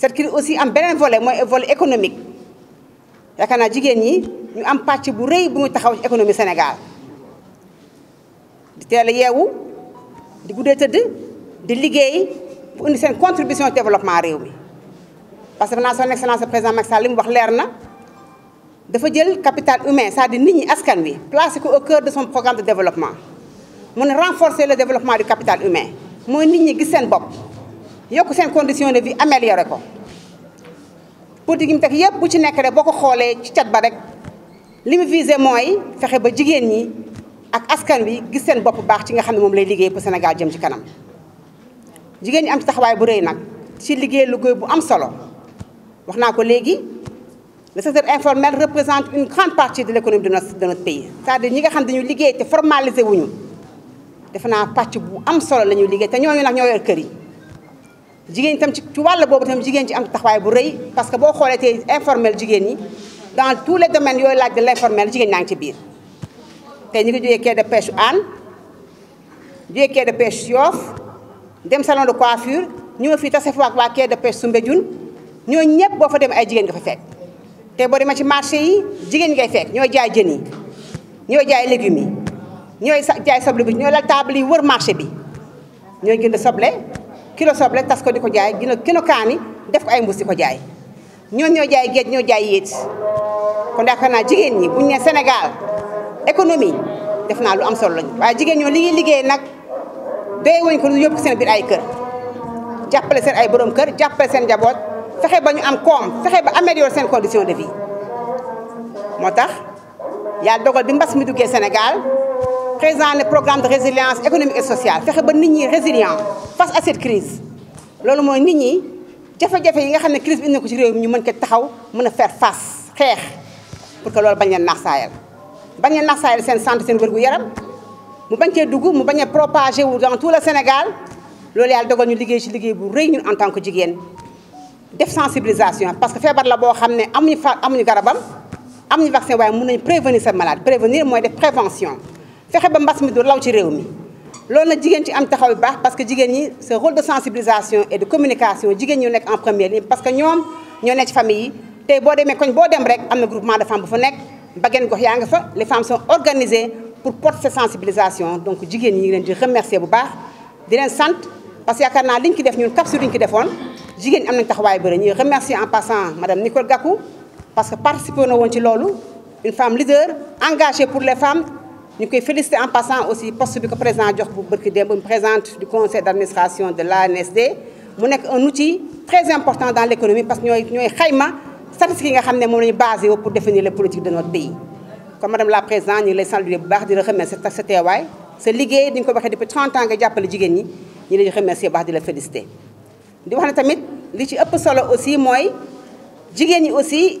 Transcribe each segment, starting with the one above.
cette crise aussi am beneen volet un volet économique yaakaar naa dit ñi ñu am parti bu rëy bu ñu taxaw économie Sénégal di teel a yeewu di guddee tëdd di liggéey bu contribution au développement réew parce que naa son excellence président Macky Sall a dit wax leer dafa capital humain c'est-à-dire nit ñi askan wi placé au cœur de son programme de développement Nous renforcer le développement du capital humain mooy nit ñi gis seen bopp yokk seen condition de vie améliorer ko politique yi mu teg yëpp bu ci nek rek boko xolé ci chat ba rek limi mu visé mooy fexe ba jigen ñi ak askan wi gis seen bop baax ci nga xamne mom lay liggéey pour Sénégal jëm ci kanam jigen ñi am ci taxaway bu reuy nak ci liggéey koy bu am solo waxna ko légui le secteur informel représente une grande partie de l'économie de notre de notre pays ça de ni nga xamne dañu liggéey te formaliser wuñu defe patch bu am solo lañu ñuy liggéey te ñooñu nak ñoo yor kër yi jigéen itam ci ci wàll boobu itam jigéen ci am taxawaay bu rëy parce que boo xoolee tey informel jigéen ñi dans tous les domaines yooyu laaj de l' informel jigéen ñaa ngi ci biir tey ñu ngi jógee quai de pêche Hann jógee quai de pêche Yoff dem salon de coiffure ñoo fii tase fa ak waa quai de pêche Soumbédioune ñoo ñëpp boo fa dem ay jigéen nga fa fekk te boo demee ci marché yi jigéen ñi ngay fekk ñooy jaay jën yi ñooy jaay légumes yi ñooy jaay soble bi ñooy la table yi wër marché bi ñooy jënd soble kilo soble tas ko di ko jaay dina kilo kaani def ko ay mbuus di ko jaay ñoon ñoo jaay géej ñoo jaay yéet kon yaakaar naa jigéen ñi buñ ñee Sénégal économie def naa lu am solo lañu waaye jigéen ñoo liggéey liggéey nag doy woñ ko lu yóbbu seen biir ay kër jàppale seen ay borom kër jàppale seen njaboot fexe ba ñu am koom fexe ba améliorer seen condition de vie moo tax yàlla dogal bi mbas mi duggee Sénégal présent le programme de résilience économique et sociale fexe ba nit ñi résilient face à cette crise loolu mooy nit ñi jafe-jafe yi nga xam crise bi indi ko ci réew mi ñu mën ko taxaw mën faire face xeex pour que loolu bañ leen naax saayal bañ leen naax saayal seen santé seen wérgu yaram mu bañ cee mu bañ a propagé dans tout le Sénégal loolu yàlla dogal ñu liggéey ci liggéey bu rëy ñun en tant que jigéen def sensibilisation parce que feebar la boo xam ne amuñu fa amuñu garabam amuñu vaccin waaye mën nañu prévenir cette maladie prévenir mooy def prévention fexe ba mbas mi du law ci réew mi loolu nag jigéen ci parce que jigéen ce rôle de sensibilisation et de communication jigéen ñu en première ligne parce que nous sommes une ci famille yi tey boo demee koñ rek groupement de femmes bu fa les femmes sont organisées pour porter cette sensibilisation donc jigéen ñi remercie leen di remercier bu di leen parce que y a li ñu ki def ñun capsule li ñu ki defoon remercie remercier en passant madame Nicole Gakou parce que participer na woon ci une femme leader engagée pour les femmes nous koy en passant aussi poste que le président jox bu du conseil d'administration de l'ANSD mu un outil très important dans l'économie parce que nous avons une statistique qui nga basée pour définir les politiques de notre pays comme madame la présidente nous les le saluer baax remercier C'est teewaay sa liggéey nous depuis 30 ans nga nous avons ñi ñu lay remercier bu baax di la félicité di wax aussi mooy jigéen aussi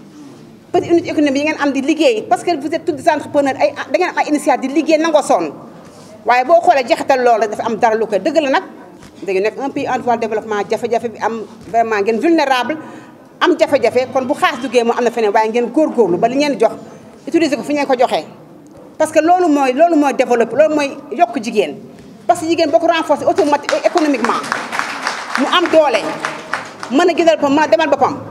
petite unité économique yi ngeen am di liggéey parce que vous êtes tous des entrepreneurs ay ah, da ngeen am ay initiative di liggéey nangoo sonn waaye boo xoolee jeexital loolu rek dafa am dara lu koy dëgg la nag dañu nekk un pays en voie de développement jafe-jafe bi am vraiment ngeen vulnérable am jafé jafé kon bu xaas duggee moo am na feneen waaye gor gorlu ba li ngeen jox utiliser ko fi ngeen ko joxee parce que loolu moy loolu moy développer loolu moy yok jigen parce que jigen bako renforcer automatiquement économiquement mu am doolé mën gënal gisal ma mën a demal boppam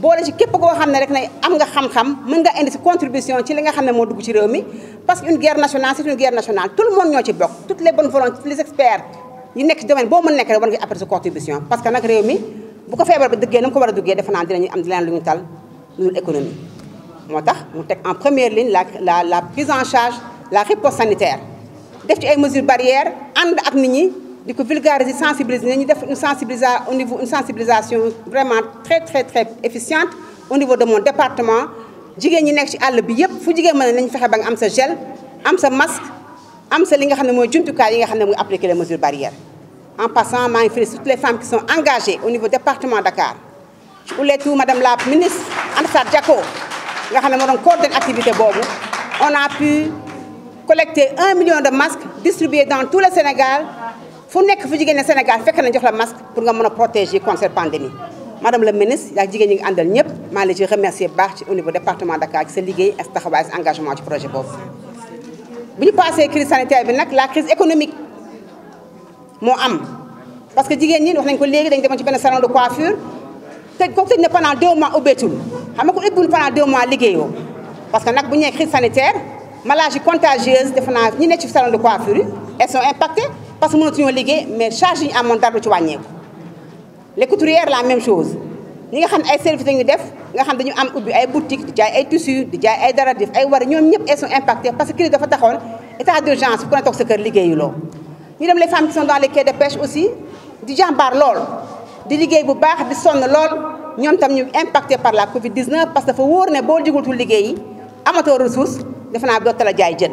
boole ci képp koo xam ne rek ne am nga xam-xam mën nga indi sa contribution ci li nga xam ne moo dugg ci réew parce que une guerre nationale c'est une guerre nationale tout le monde ñoo ci bokk toutes les bonnes volontés les experts yi nekk ci domaine boo mën nekk rek war nga apporter sa contribution parce que nag réew mi bu ko feebar bi duggee na mu ko war a duggee defe naa dinañu am leneen lu ñu tal lul économie mu teg en première ligne la la la prise en charge la réponse sanitaire def ci ay mesures barrières ànd ak nit ñi de vulgariser sensibiliser Nous def une sensibilisation une sensibilisation vraiment très très très efficiente au niveau de mon département Les ñi qui ci à bi yëpp fu jigéen mën nañu fexe ba gel am masque am sa li nga xam ne mooy yi nga appliquer les mesures barrières en passant maa félicite toutes les femmes qui sont engagées au niveau département Dakar voulais tout madame la ministre Anta Sarr Diacko nga xam ne on a pu collecter un million de masques distribués dans tout le Sénégal fu nekk fu jigéen ne Sénégal fekk na jox la masque pour nga protéger contre cette pandémie madame la ministre yaa jigéen ñi ngi àndal ñëpp maa remercier baax ci au niveau département Dakar ci sa liggéey ak sa engagement ci projet boobu. bu ñu passé crise sanitaire bi la crise économique moo am parce que jigéen ñi wax nañ ko léegi dañ demoon ci salon de coiffure tëj ko tëj na pendant deux mois ubbeetul xam nga ko ubbiwul pendant deux mois liggéeyoo parce que nag bu une crise sanitaire maladies contagieuse, defe naa ñi nekk ci salon de coiffure elles sont impactées parce que mënatuñoo liggéey mais charge yi ñu amoon dara du les couturières la même chose ñi nga xam ay services lañu def nga xam dañu am ubbi ay boutiques di ay tissus di jaay ay dara def ay war ñoom ñëpp elles sont impactées parce que crise dafa taxoon état d'urgence pour ku ne toog sa kër liggéeyuloo. dem les femmes qui sont dans les quais de pêche aussi di jàmbaar lool di liggéey bu baax di sonn lool ñoom tam ñu impactés par la Covid 19 parce que dafa wóor ne boo jigultul liggéey yi amatoo ressource defe naa dootala jaay jën.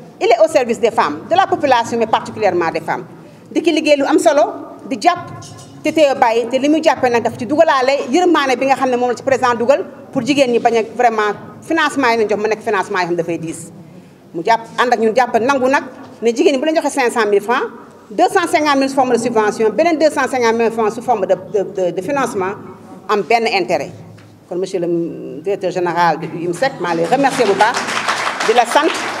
il est au service des femmes de la population mais particulièrement des femmes di ki liggéey lu am solo di jàpp te téye bàyyi te li mu jàppee nag daf ci dugalaale yërmaane bi nga xam ne moom la ci président Dougal pour jigéen ni bañ vraiment financement yi nañ jox mu financement yoo xam dafay diis mu jàpp ànd ak ñun jàpp nangu nag ne jigéen ñi bu leen joxee 500000 francs 250000 sous forme de subvention beneen 250000 francs sous forme de de de financement am benn intérêt Comme monsieur le directeur général du IMSEC maa remercier vous pas de la santé.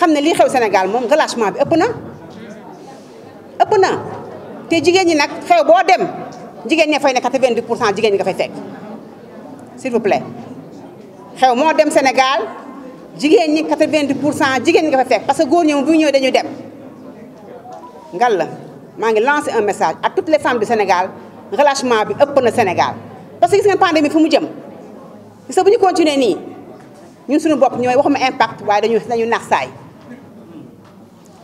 xam ne lii xew Sénégal moom relâchement bi ëpp na ëpp na te jigéen ñi nag xew boo dem jigéen ña fay ne 90 pour cent jigéen ñi nga fay fekk s'il vous plaît xew moo dem Sénégal jigéen ñi 90 pour cent jigéen ñi nga fay fekk parce que góor ñoom bu ñëwee dañuy dem ngal la maa ngi lancer un message à toutes les femmes du Sénégal relâchement bi ëpp na Sénégal parce que gis ngeen pandémie fu mu jëm gis bu ñu continuer nii ñu suñu bopp ñooy waxuma impact waaye dañu dañu nax saay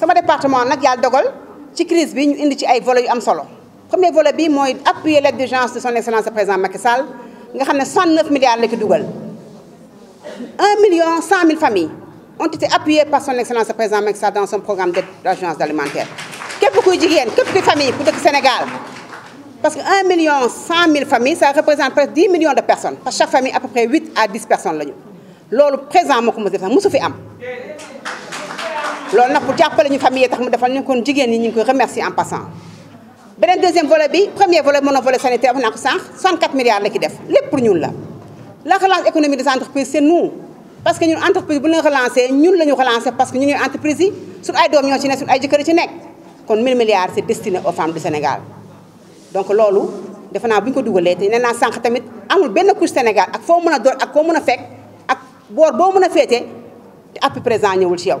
sama département nak yalla dogal ci crise bi ñu indi ci ay volet. yu am solo premier volet bi moy appuyer l'aide d'urgence de son excellence le président Macky Sall nga xamné 109 milliards la dougal 1 million 100 000 familles ont été appuyées par son excellence le président Macky Sall dans son programme d'aide d'urgence alimentaire képp kuy jigéen képp kuy famille ku le Sénégal parce que 1 million 100 000 familles ça représente presque 10 millions de personnes parce chaque famille à peu près 8 à 10 personnes lañu loolu président moo def fi am loolu nag bu jàppale ñu famille tax mu defal ñu kon jigéen ñi ñu ngi koy remercier en passant benen deuxième volet bi premier volet mon volet sanitaire wax naa ko sànq 64 milliards la ki def lepp pour ñun la la relance économique des entreprises c'est nous parce que ñun entreprise bu ñu relancé ñun lañu relancer parce que ñu ñooy entreprise yi ay doom ñoo ci nekk suñu ay jëkkër ci nekk kon 1000 milliards c'est destiné aux femmes du Sénégal donc loolu defe naa bu ko dugalee té néna naa tamit amul benn couche Sénégal ak fo mëna a ak ko mëna a fekk ak bor boo mëna fété féete présent ñewul ci yow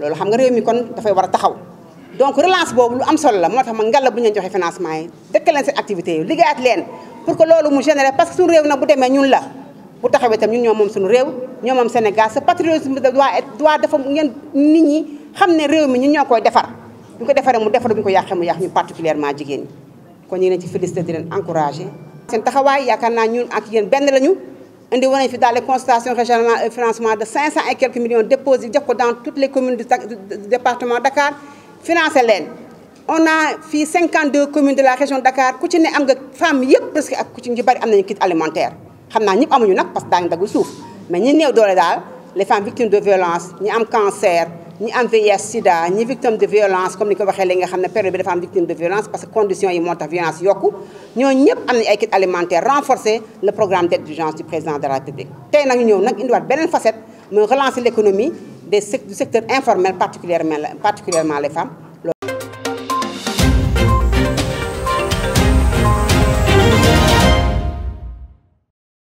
loolu xam nga réew mi kon dafay war a taxaw donc relance boobu lu am solo la moo tax ma ngalla bu ñu leen joxee financement yi dëkk leen seen activité yi liggéeyaat leen pour que loolu mu généré parce que suñu réew nag bu demee ñun la bu taxawee itam ñun ñoo moom suñu réew ñoo moom Sénégal ce patriotisme doit être doit dafa ngeen nit ñi xam ne réew mi ñu ñoo koy defar bu ñu ko defaree mu defar bu ñu ko yàqee mu yàq ñu particulièrement jigéen ñi kon ñu ngi leen ci félicité di leen encouragé yaakaar naa ñun ak yéen benn lañu Nous avons fait des dans les régionales de 500 et quelques millions déposés dans toutes les communes du département Dakar financer. on a fait 52 communes de la région de Dakar qui ont am qui parce des kits alimentaires. mais les femmes victimes de violence ñi cancer. Ni envers sida ni victimes de violence comme nous avons dit, léegi nga des femmes période de violence parce que conditions yi moo violence yokku ñoo ñëpp équipe ay alimentaire renforcer le programme d'aide d'urgence du président de la République Nous avons une belle facette muy relancer l'économie du secteur informel particulièrement particulièrement les femmes